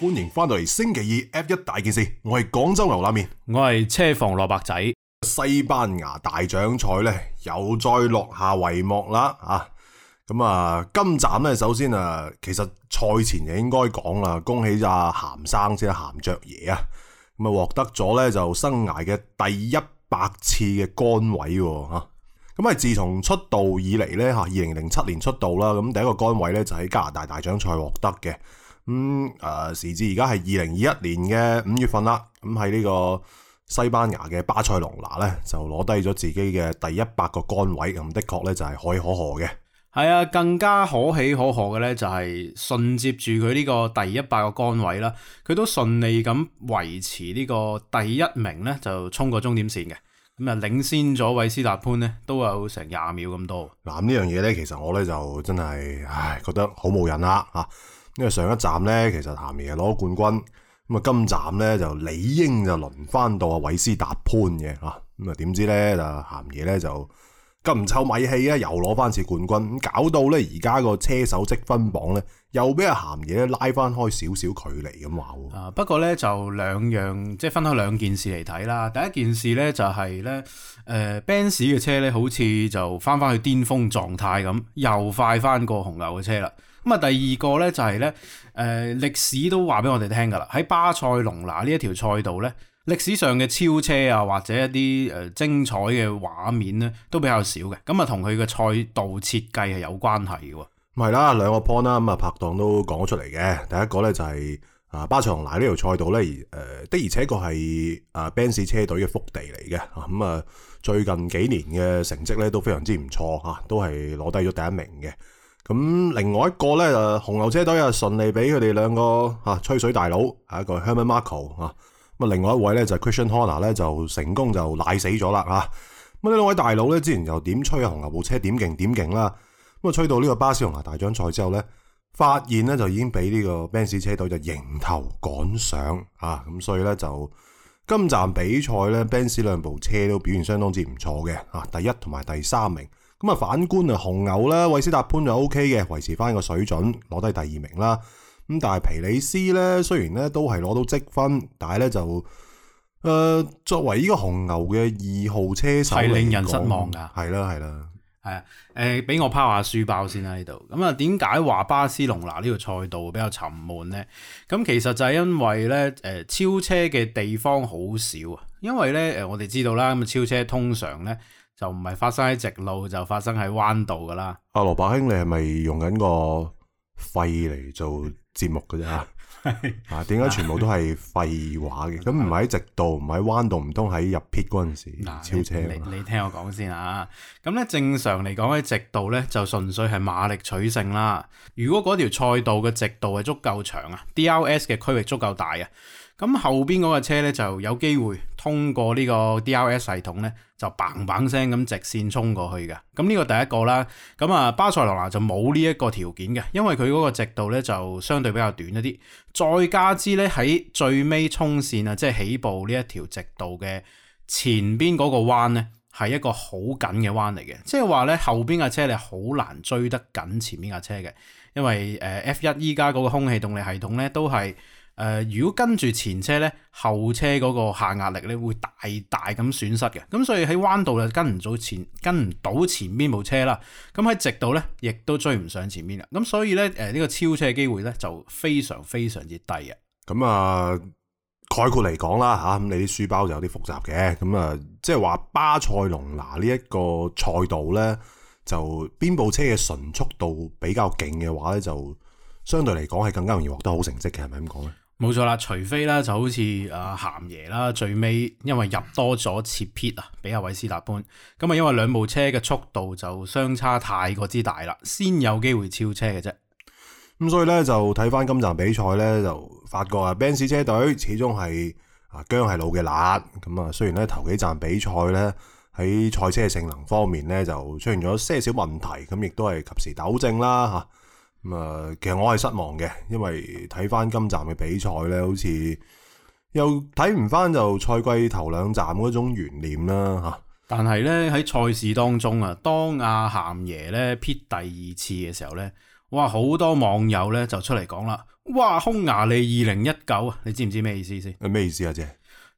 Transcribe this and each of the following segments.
歡迎翻到嚟星期二 F1 大件事，我係廣州牛腩麵，我係車房蘿蔔仔。西班牙大獎賽咧又再落下帷幕啦啊。咁啊，今站咧首先啊，其實賽前就應該講啦，恭喜阿、啊、咸生先，咸爵爺啊，咁啊獲得咗咧就生涯嘅第一百次嘅杆位吓。咁啊自從出道以嚟咧吓，二零零七年出道啦，咁第一個杆位咧就喺加拿大大獎賽獲得嘅。咁誒、嗯呃，時至而家係二零二一年嘅五月份啦。咁喺呢個西班牙嘅巴塞隆拿呢，就攞低咗自己嘅第一百個杆位。咁的確呢，就係可喜可賀嘅。係啊，更加可喜可賀嘅呢，就係順接住佢呢個第一百個杆位啦。佢都順利咁維持呢個第一名呢，就衝過終點線嘅。咁啊，領先咗韋斯達潘呢，都有成廿秒咁多。嗱，呢樣嘢呢，其實我呢，就真係唉，覺得好冇癮啦吓。因為上一站咧，其實咸爺係攞冠軍，咁啊今站咧就理應就輪翻到阿韋斯達潘嘅吓，咁啊點知咧就咸爺咧就咁唔臭米氣啊，又攞翻次冠軍，咁搞到咧而家個車手積分榜咧又俾阿咸爺拉翻開少少距離咁話喎啊，不過咧就兩樣，即係分開兩件事嚟睇啦。第一件事咧就係、是、咧，誒、呃、，Benz 嘅車咧好似就翻翻去巔峰狀態咁，又快翻過紅牛嘅車啦。咁啊，第二個咧就係、是、咧，誒、呃、歷史都話俾我哋聽噶啦，喺巴塞隆拿呢一條賽道咧，歷史上嘅超車啊，或者一啲誒、呃、精彩嘅畫面咧，都比較少嘅。咁啊，同佢嘅賽道設計係有關係嘅喎。咪係啦，兩個 point 啦，咁啊，拍檔都講咗出嚟嘅。第一個咧就係啊巴塞隆拿呢條賽道咧，而、呃、誒的而且確係啊 Benz 車隊嘅福地嚟嘅。咁、嗯、啊，最近幾年嘅成績咧都非常之唔錯吓，都係攞低咗第一名嘅。咁另外一個咧就紅牛車隊啊，順利俾佢哋兩個吓吹水大佬，係、啊、一個 Herman Marco 啊，咁啊另外一位咧就係、Christian Horner 咧就成功就賴死咗啦吓，咁呢兩位大佬咧之前又點吹紅牛部車點勁點勁啦，咁啊，啊吹到呢個巴塞隆拿大獎賽之後咧，發現咧就已經俾呢個 Benz 車隊就迎頭趕上啊，咁、啊、所以咧就今站比賽咧 Benz 兩部車都表現相當之唔錯嘅啊，第一同埋第三名。咁啊，反觀啊，紅牛咧，韋斯達潘就 O K 嘅，維持翻個水準，攞低第二名啦。咁但係皮里斯咧，雖然咧都係攞到積分，但係咧就，誒、呃、作為呢個紅牛嘅二號車手，係令人失望噶。係啦，係啦，係啊，誒、呃、俾我拋下書包先啦，呢度。咁啊，點解話巴斯隆拿呢個賽道比較沉悶咧？咁其實就係因為咧，誒、呃、超車嘅地方好少啊。因為咧，誒我哋知道啦，咁啊超車通常咧。就唔係發生喺直路，就發生喺彎道㗎啦。阿、啊、羅伯兄，你係咪用緊個廢嚟做節目㗎啫？ 啊，點解全部都係廢話嘅？咁唔係喺直道，唔係喺彎道，唔通喺入 pit 嗰陣時候、啊、超車？你你聽我講先啊！咁咧 正常嚟講喺直道咧就純粹係馬力取勝啦。如果嗰條賽道嘅直道係足夠長啊，DRS 嘅區域足夠大啊。咁後邊嗰個車咧，就有機會通過呢個 DRS 系統咧，就棒棒聲咁直線衝過去嘅。咁呢個第一個啦，咁啊巴塞羅那就冇呢一個條件嘅，因為佢嗰個直道咧就相對比較短一啲，再加之咧喺最尾衝線啊，即係起步呢一條直道嘅前邊嗰個彎咧係一個好緊嘅彎嚟嘅，即係話咧後邊架車你好難追得緊前面架車嘅，因為誒 F 一依家嗰個空氣動力系統咧都係。誒，如果跟住前車咧，後車嗰個下壓力咧會大大咁損失嘅，咁所以喺彎道就跟唔到前跟唔到前面部車啦。咁喺直道咧，亦都追唔上前面嘅，咁所以咧誒呢個超車嘅機會咧就非常非常之低嘅。咁啊概括嚟講啦嚇，咁你啲書包就有啲複雜嘅，咁啊即係話巴塞隆拿呢一個賽道咧，就邊部車嘅純速度比較勁嘅話咧，就相對嚟講係更加容易獲得好成績嘅，係咪咁講咧？冇錯啦，除非啦就好似阿、啊、咸爺啦，最尾因為入多咗切 pit 啊，俾阿韋斯達潘咁啊，因為兩部車嘅速度就相差太過之大啦，先有機會超車嘅啫。咁、嗯、所以咧就睇翻今站比賽咧，就發覺啊 Benetton 車隊車隊始終係啊，姜係老嘅辣。咁、嗯、啊，雖然咧頭幾站比賽咧喺賽車性能方面咧就出現咗些少問題，咁亦都係及時糾正啦、啊咁、嗯、其實我係失望嘅，因為睇翻今站嘅比賽咧，好似又睇唔翻就賽季頭兩站嗰種懸念啦吓。啊、但係咧喺賽事當中啊，當阿咸爺咧撇第二次嘅時候咧，哇好多網友咧就出嚟講啦，哇匈牙利二零一九啊，你知唔知咩意思先？咩、呃、意思啊，姐？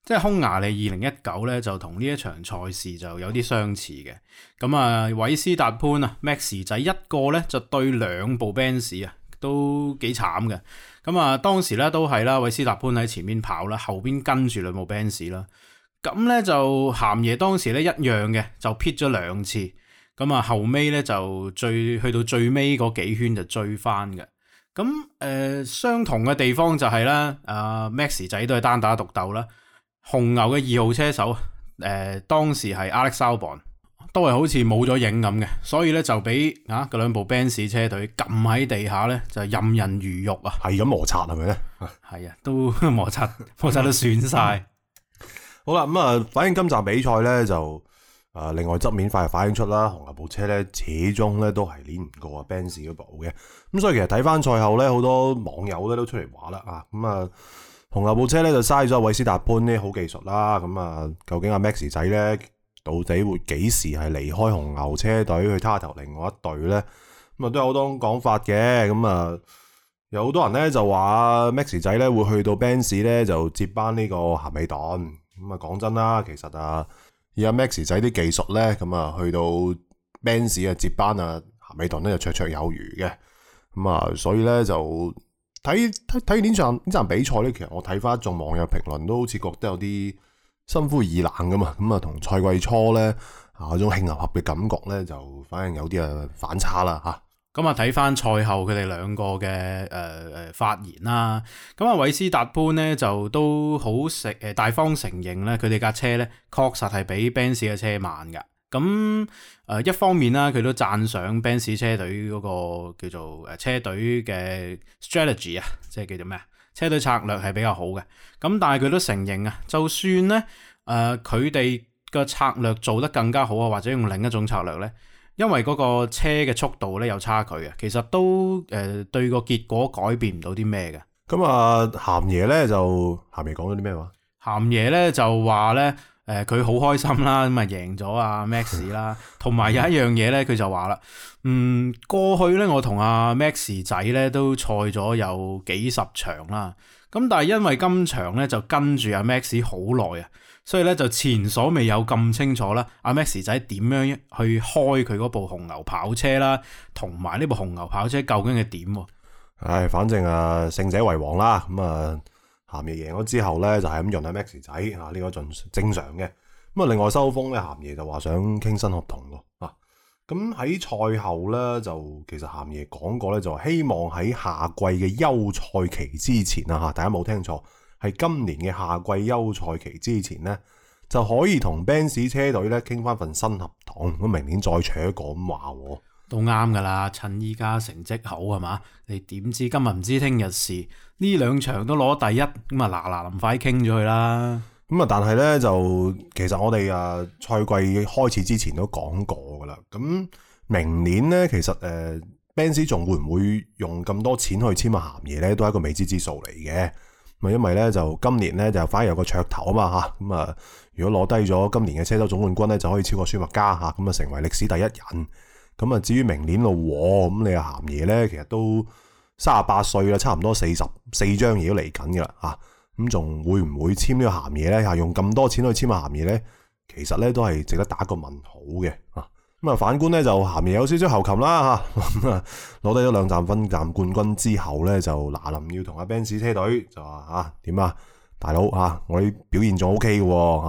即係匈牙利二零一九咧，就同呢一場賽事就有啲相似嘅。咁啊，韋斯達潘啊，Max 仔一個咧就對兩部 Benz 啊，都幾慘嘅。咁啊，當時咧都係啦，韋斯達潘喺前面跑啦，後邊跟住兩部 Benz 啦。咁咧就咸爺當時咧一樣嘅，就撇咗兩次。咁啊，後尾咧就最去到最尾嗰幾圈就追翻嘅。咁、呃、誒，相同嘅地方就係啦，Max 仔都係單打獨鬥啦。紅牛嘅二號車手誒，當時係 Alex Albon 都係好似冇咗影咁嘅，所以咧就俾啊嗰兩部 Benz 車隊撳喺地下咧，就任人魚肉啊，係咁摩擦係咪咧？係 啊，都摩擦摩擦都損晒。 好啦，咁啊，反映今集比賽咧就誒，另外側面快反映出啦，紅牛部車咧始終咧都係碾唔過啊 Benz 嗰部嘅。咁所以其實睇翻賽後咧，好多網友咧都出嚟話啦啊，咁、嗯、啊。紅牛部車咧就嘥咗韋斯達潘呢啲好技術啦，咁啊究竟阿 Max 仔咧到底會幾時係離開紅牛車隊去他頭另外一隊咧？咁啊都有好多講法嘅，咁啊有好多人咧就話 Max 仔咧會去到 Benz 咧就接班呢個咸尾檔，咁啊講真啦，其實啊以阿 Max 仔啲技術咧，咁啊去到 Benz 啊接班啊咸尾檔咧就綽綽有餘嘅，咁啊所以咧就。睇睇睇呢場呢場比賽咧，其實我睇翻眾網友評論都好似覺得有啲心灰意冷咁、嗯、啊！咁啊，同賽季初咧啊嗰種慶合合嘅感覺咧，就反而有啲啊反差啦吓。咁啊，睇翻賽後佢哋兩個嘅誒誒發言啦。咁啊，韋斯達潘咧就都好食誒、呃、大方承認咧，佢哋架車咧確實係比 Benz 嘅車慢噶。咁誒一方面啦，佢都讚賞 Benz 車隊嗰個叫做誒車隊嘅 strategy 啊，即係叫做咩啊？車隊策略係比較好嘅。咁但係佢都承認啊，就算咧誒佢哋嘅策略做得更加好啊，或者用另一種策略咧，因為嗰個車嘅速度咧有差距啊，其實都誒對個結果改變唔到啲咩嘅。咁啊，鹹爺咧就鹹爺講咗啲咩話？鹹爺咧就話咧。誒，佢好開心啦，咁啊贏咗阿 Max 啦，同埋 有一樣嘢咧，佢就話啦，嗯，過去咧我同阿 Max 仔咧都賽咗有幾十場啦，咁但係因為今場咧就跟住阿 Max 好耐啊，所以咧就前所未有咁清楚啦，阿 Max 仔點樣去開佢嗰部紅牛跑車啦，同埋呢部紅牛跑車究竟係點？唉、哎，反正啊，勝者為王啦，咁、嗯、啊。鹹爺贏咗之後咧，就係咁用下 Max 仔呢個盡正常嘅。咁啊，另外收風咧，鹹爺就話想傾新合同咯。咁喺賽後咧，就其實鹹爺講過咧，就希望喺夏季嘅休賽期之前吓、啊，大家冇聽錯，係今年嘅夏季休賽期之前咧就可以同 Benz 車隊咧傾翻份新合同，咁明年再扯講話。都啱噶啦，趁依家成績好係嘛？你點知今日唔知聽日事？呢兩場都攞第一，咁啊嗱嗱臨快傾咗佢啦。咁啊，但係咧就其實我哋啊賽季開始之前都講過噶啦。咁明年咧，其實誒 Benz 仲會唔會用咁多錢去簽埋鹹爺咧，都係一個未知之數嚟嘅。咪因為咧就今年咧就反而有個噱頭啊嘛嚇。咁啊，如果攞低咗今年嘅車手總冠軍咧，就可以超過舒馬加，嚇、啊，咁啊成為歷史第一人。咁啊，至於明年咯喎，咁你阿咸爺咧，其實都三十八歲啦，差唔多四十四張嘢都嚟緊嘅啦嚇，咁仲會唔會簽呢個咸爺咧？嚇，用咁多錢去簽阿咸爺咧，其實咧都係值得打個問號嘅嚇。咁啊，反觀咧就咸爺有少少後擒啦嚇，啊攞低咗兩站分站冠軍之後咧，就嗱臨要同阿 Benz 車隊就話嚇點啊，大佬嚇，我啲表現仲 OK 喎嚇，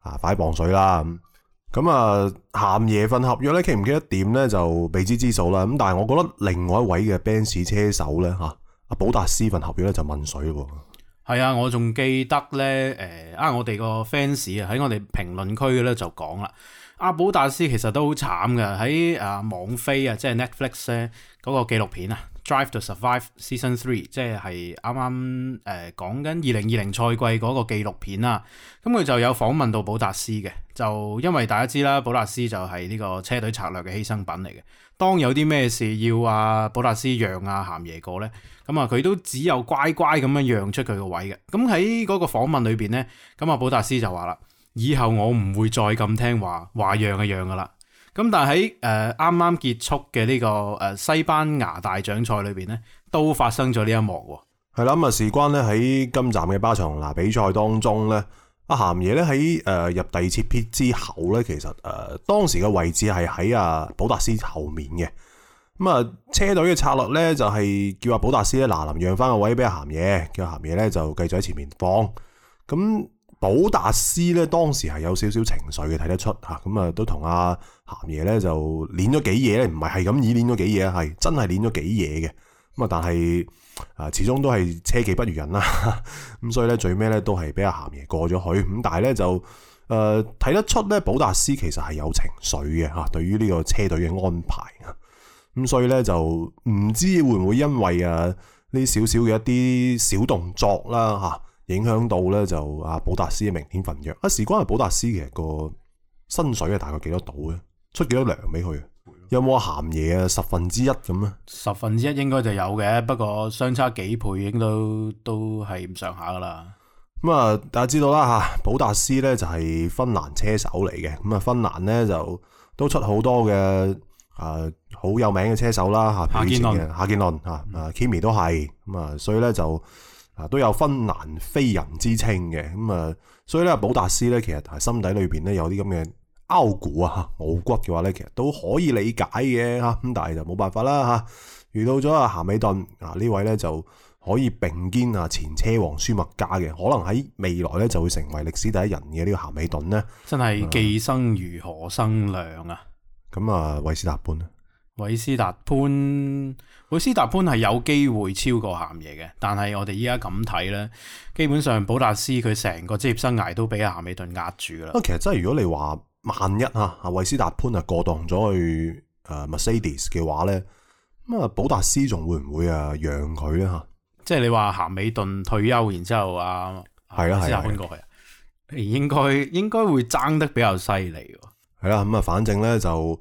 啊快磅水啦咁。咁啊，咸夜份合約咧，傾唔傾得掂咧就未知之數啦。咁但係我覺得另外一位嘅 Benz 車手咧，吓阿保達斯份合約咧就問水喎。係啊，我仲記得咧，誒、呃，啊，我哋個 fans 啊喺我哋評論區咧就講啦，阿保達斯其實都好慘噶，喺啊網飛啊，即係 Netflix 咧嗰個紀錄片啊。Drive to Survive Season Three，即係啱啱誒講緊二零二零賽季嗰個紀錄片啦，咁佢就有訪問到保達斯嘅，就因為大家知啦，保達斯就係呢個車隊策略嘅犧牲品嚟嘅。當有啲咩事要啊保達斯讓啊鹹爺過咧，咁啊佢都只有乖乖咁樣讓出佢個位嘅。咁喺嗰個訪問裏邊咧，咁啊保達斯就話啦：以後我唔會再咁聽話話讓嘅讓㗎啦。咁但係喺啱啱結束嘅呢個西班牙大獎賽裏面咧，都發生咗呢一幕喎。係啦，咁啊事關咧喺今站嘅巴塞羅那比賽當中咧，阿咸爺咧喺入第二次 pit 之後咧，其實誒當時嘅位置係喺阿寶達斯後面嘅。咁啊車隊嘅策略咧就係叫，叫阿寶達斯咧拿林讓返個位俾阿咸爺，叫阿咸爺咧就繼續喺前面放。咁保達斯咧，當時係有少少情緒嘅，睇得出吓，咁啊都同阿咸爺咧就捻咗幾嘢，唔係係咁以捻咗幾嘢啊，係真係捻咗幾嘢嘅。咁啊，但係啊，始終都係車技不如人啦。咁所以咧，最尾咧都係俾阿咸爺過咗去。咁但係咧就誒，睇得出咧保達斯其實係有情緒嘅吓，對於呢個車隊嘅安排。咁所以咧就唔知會唔會因為啊呢少少嘅一啲小動作啦吓。影響到咧就阿寶達斯嘅明年份約啊，事關阿寶達斯其實個薪水啊大概幾多度咧？出幾多糧俾佢啊？有冇話鹹嘢啊？十分之一咁咧？十分之一應該就有嘅，不過相差幾倍已經都都係唔上下噶啦。咁啊，大家知道啦嚇，寶達斯咧就係芬蘭車手嚟嘅。咁啊，芬蘭咧就都出好多嘅啊好有名嘅車手啦嚇，夏健倫、夏健倫嚇啊 Kimi 都係咁啊，所以咧就。啊，都有芬蘭飛人之稱嘅，咁啊，所以咧，寶達斯咧，其實係心底裏邊咧有啲咁嘅拗骨啊、傲骨嘅話咧，其實都可以理解嘅，吓、啊，咁但係就冇辦法啦，吓、啊，遇到咗阿咸美頓，啊這位呢位咧就可以並肩啊前車王舒麥加嘅，可能喺未來咧就會成為歷史第一人嘅呢個咸美頓呢，真係既生瑜何生亮啊！咁啊，韋、啊、斯達潘。韋斯達潘，韋斯達潘係有機會超過咸爺嘅，但係我哋依家咁睇咧，基本上保達斯佢成個職業生涯都俾咸美頓壓住啦。其實真係如果你話萬一啊，阿韋斯達潘啊過檔咗去誒 Mercedes 嘅話咧，咁啊保達斯仲會唔會啊讓佢咧吓？即係你話咸美頓退休，然之後阿韋斯達潘過去應該，應該應該會爭得比較犀利。係啦，咁啊，反正咧就。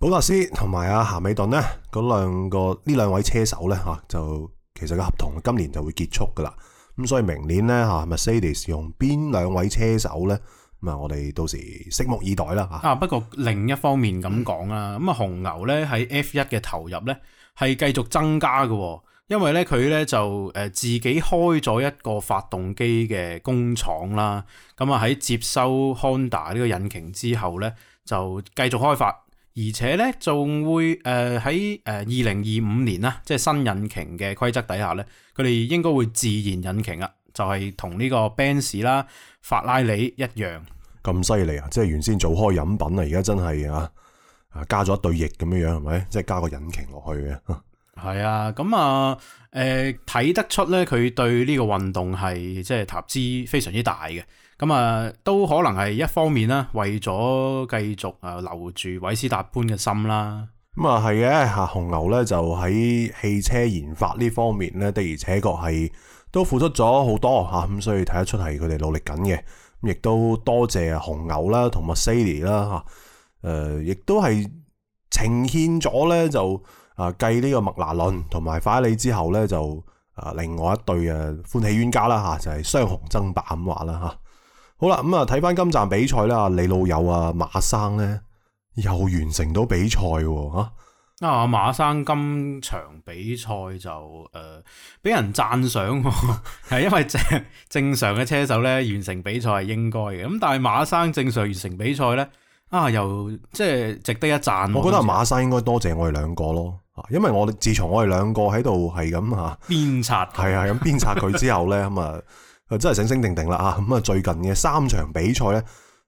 保羅斯同埋阿咸美頓咧，嗰兩個呢兩位車手咧，吓就其實個合同今年就會結束噶啦，咁所以明年咧吓 Mercedes 用邊兩位車手咧，咁啊，我哋到時拭目以待啦吓。啊，不過另一方面咁講啦，咁啊，紅牛咧喺 F 一嘅投入咧係繼續增加嘅，因為咧佢咧就誒自己開咗一個發動機嘅工廠啦，咁啊喺接收 Honda 呢個引擎之後咧就繼續開發。而且咧仲會誒喺誒二零二五年啦，即係新引擎嘅規則底下咧，佢哋應該會自然引擎啦，就係同呢個奔馳啦、法拉利一樣咁犀利啊！即係原先做開飲品啦，而家真係啊啊加咗一對翼咁樣樣係咪？即係加個引擎落去嘅。係啊，咁啊，誒、呃，睇得出咧，佢對呢個運動係即係投資非常之大嘅，咁啊、呃，都可能係一方面啦，為咗繼續啊留住韋斯達潘嘅心啦。咁啊、嗯，係嘅，吓紅牛咧就喺汽車研發呢方面咧，的而且確係都付出咗好多吓，咁、啊、所以睇得出係佢哋努力緊嘅，咁亦都多謝紅牛啦同埋麥斯尼啦吓，誒、啊，亦、呃、都係呈現咗咧就。啊！計呢個麥拿倫同埋法拉利之後咧，就啊另外一對嘅歡喜冤家啦嚇、啊，就係、是、雙雄爭霸咁話啦嚇。好啦，咁啊睇翻今站比賽啦，李老友啊馬生咧又完成到比賽喎啊，啊馬生今場比賽就誒俾、呃、人讚賞、啊，係 因為正正常嘅車手咧完成比賽係應該嘅。咁但係馬生正常完成比賽咧，啊又即係值得一讚。我覺得馬生應該多謝我哋兩個咯。因為我哋自從我哋兩個喺度係咁吓鞭策，係刷啊係咁鞭策佢之後咧咁啊， 就真係醒醒定定啦啊！咁啊最近嘅三場比賽咧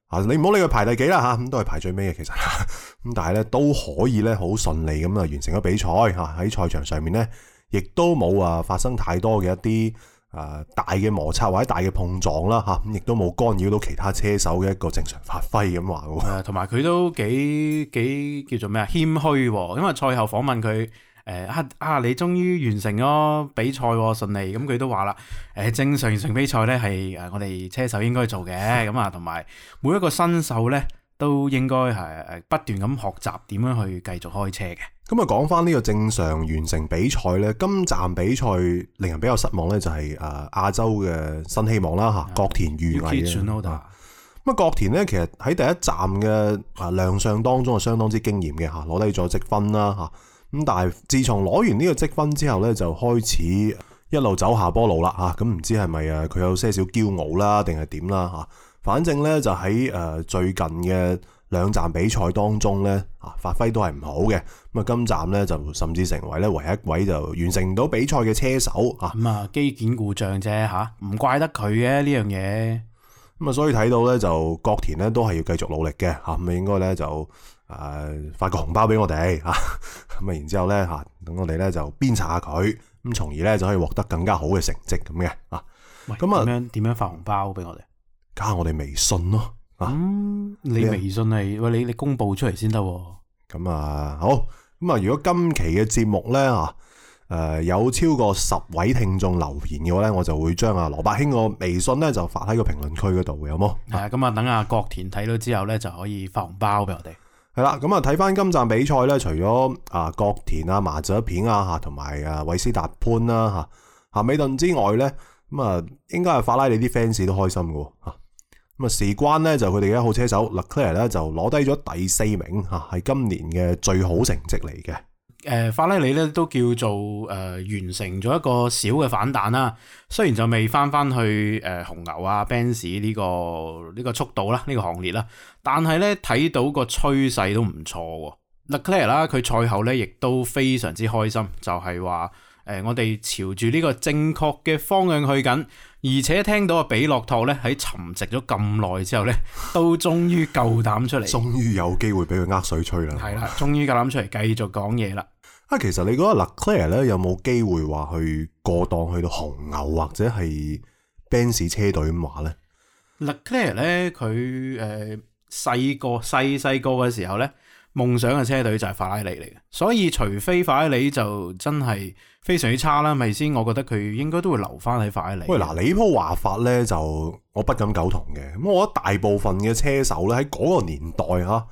啊，你唔好理佢排第幾啦吓，咁、啊、都係排最尾嘅，其實，咁、啊、但係咧都可以咧好順利咁啊完成咗比賽吓，喺賽場上面咧亦都冇啊發生太多嘅一啲。誒大嘅摩擦或者大嘅碰撞啦，嚇咁亦都冇干擾到其他車手嘅一個正常發揮咁話喎。同埋佢都幾幾叫做咩啊謙虛喎，咁咪賽後訪問佢誒啊啊，你終於完成咗比賽喎，順利咁佢都話啦誒，正常完成比賽咧係誒我哋車手應該做嘅咁啊，同埋每一個新手咧。都應該係不斷咁學習點樣去繼續開車嘅。咁啊，講翻呢個正常完成比賽咧，今站比賽令人比較失望咧，就係誒亞洲嘅新希望啦吓，角、嗯、田裕毅啦。咁啊，角田咧，其實喺第一站嘅啊亮相當中係，相當之驚艷嘅吓，攞低咗積分啦吓。咁但係自從攞完呢個積分之後咧，就開始一路走下坡路啦吓。咁、嗯、唔知係咪啊，佢有些少驕傲啦，定係點啦吓？反正咧就喺誒最近嘅兩站比賽當中咧啊，發揮都係唔好嘅。咁啊，今站咧就甚至成為咧唯一一位就完成唔到比賽嘅車手，嗯、啊。咁啊，機件故障啫吓，唔怪得佢嘅呢樣嘢。咁啊，所以睇到咧就角田咧都係要繼續努力嘅吓，咁啊應該咧就誒、呃、發個紅包俾我哋啊。咁啊，然之後咧吓，等我哋咧就鞭查下佢，咁從而咧就可以獲得更加好嘅成績咁嘅啊。咁喂、嗯、啊點樣點樣發紅包俾我哋？加我哋微信咯、啊，咁、嗯啊、你微信係喂你你公布出嚟先得。咁啊好，咁啊如果今期嘅節目咧吓，誒、啊、有超過十位聽眾留言嘅話咧，我就會將啊羅伯興個微信咧就發喺個評論區嗰度，有冇？係啊，咁啊等阿國田睇到之後咧就可以發紅包俾我哋。係啦、啊，咁啊睇翻今站比賽咧，除咗啊國田啊麻雀片啊吓，同埋啊韋斯達潘啦吓夏美頓之外咧，咁啊應該係法拉利啲 fans 都開心嘅吓、啊。咁啊，事關咧就佢哋嘅一號車手，Leclerc 咧就攞低咗第四名吓，係今年嘅最好成績嚟嘅。誒、呃，法拉利咧都叫做誒、呃、完成咗一個小嘅反彈啦。雖然就未翻翻去誒、呃、紅牛啊，Benz 呢、這個呢、這個速度啦呢、這個行列啦，但係咧睇到個趨勢都唔錯。Leclerc 啦，佢賽後咧亦都非常之開心，就係話。誒、呃，我哋朝住呢個正確嘅方向去緊，而且聽到阿比洛托咧喺沉寂咗咁耐之後咧，都終於夠膽出嚟，終於 有機會俾佢呃水吹啦。係啦，終於夠膽出嚟繼續講嘢啦。啊， 其實你覺得勒克萊咧有冇機會話去過檔去到紅牛或者係 Benz 車隊咁話咧？勒克萊咧，佢誒細個細細個嘅時候咧。夢想嘅車隊就係法拉利嚟嘅，所以除非法拉利就真係非常之差啦，咪先？我覺得佢應該都會留翻喺法拉利。喂，嗱，你鋪話法咧就我不敢苟同嘅。咁我覺得大部分嘅車手咧喺嗰個年代吓，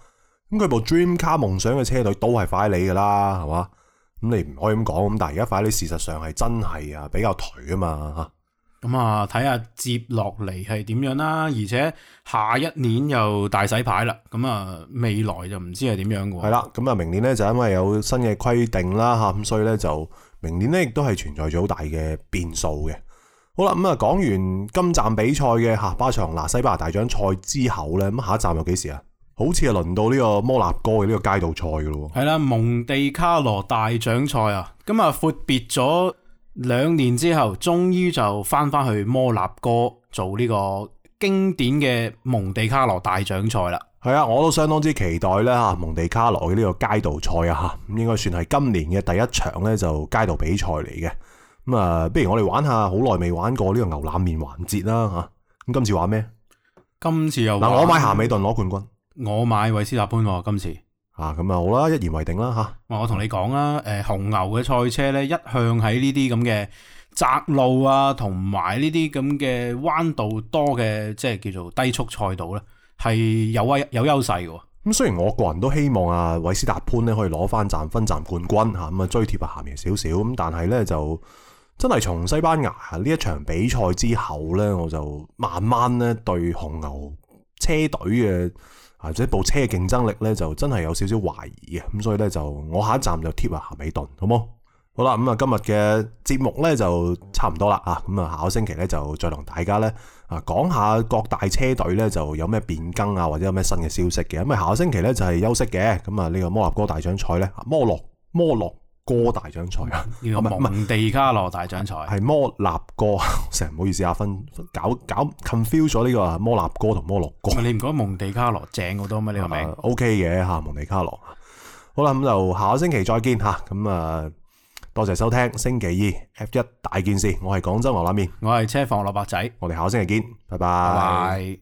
咁佢部 Dream Car 夢想嘅車隊都係法拉利噶啦，係嘛？咁你唔可以咁講。咁但係而家法拉利事實上係真係啊比較頹啊嘛吓。咁啊，睇下接落嚟係點樣啦，而且下一年又大洗牌啦，咁啊未來就唔知係點樣嘅喎。係啦，咁啊，明年咧就因為有新嘅規定啦吓，咁所以咧就明年咧亦都係存在咗好大嘅變數嘅。好啦，咁啊講完今站比賽嘅吓巴塞隆拿西班牙大獎賽之後咧，咁下一站又幾時啊？好似係輪到呢個摩納哥嘅呢個街道賽㗎咯喎。係啦，蒙地卡羅大獎賽啊，咁啊闊別咗，兩年之後，終於就翻翻去摩納哥做呢個經典嘅蒙地卡羅大獎賽啦。係啊，我都相當之期待咧吓，蒙地卡羅嘅呢個街道賽啊吓，咁應該算係今年嘅第一場咧就街道比賽嚟嘅。咁啊，不如我哋玩一下好耐未玩過呢個牛腩麵環節啦吓。咁今次玩咩？今次又嗱，我買咸美頓攞冠軍。我買韋斯達潘喎，啊，今次。啊，咁啊好啦，一言為定啦吓。我同你講啦，誒，紅牛嘅賽車咧一向喺呢啲咁嘅窄路啊，同埋呢啲咁嘅彎道多嘅，即係叫做低速賽道呢，係有威有優勢嘅。咁雖然我個人都希望啊，韋斯達潘呢可以攞翻站分站冠軍吓，咁啊追貼啊漢爵爺少少咁，但係呢，就真係從西班牙呢一場比賽之後呢，我就慢慢呢對紅牛。車隊嘅或者部車嘅競爭力咧，就真係有少少懷疑嘅，咁所以咧就我下一站就貼啊咸美頓，好冇？好啦，咁、嗯、啊今日嘅節目咧就差唔多啦啊，咁、嗯、啊下個星期咧就再同大家咧啊講下各大車隊咧就有咩變更啊或者有咩新嘅消息嘅，咁啊下個星期咧就係、是、休息嘅，咁啊呢個摩納哥大獎賽咧摩洛摩洛。摩洛哥大獎賽啊，唔係蒙地卡羅大獎賽，係摩納哥啊，成日唔好意思啊，分搞搞 confuse 咗呢個摩納哥同摩洛哥。你唔覺得蒙地卡羅正好多咩？你話係嘛？OK 嘅吓蒙地卡羅，好啦咁就下個星期再見吓，咁啊多謝收聽星期二 F1 大件事，我係廣州牛腩麵，我係車房蘿蔔仔，我哋下個星期見，拜拜。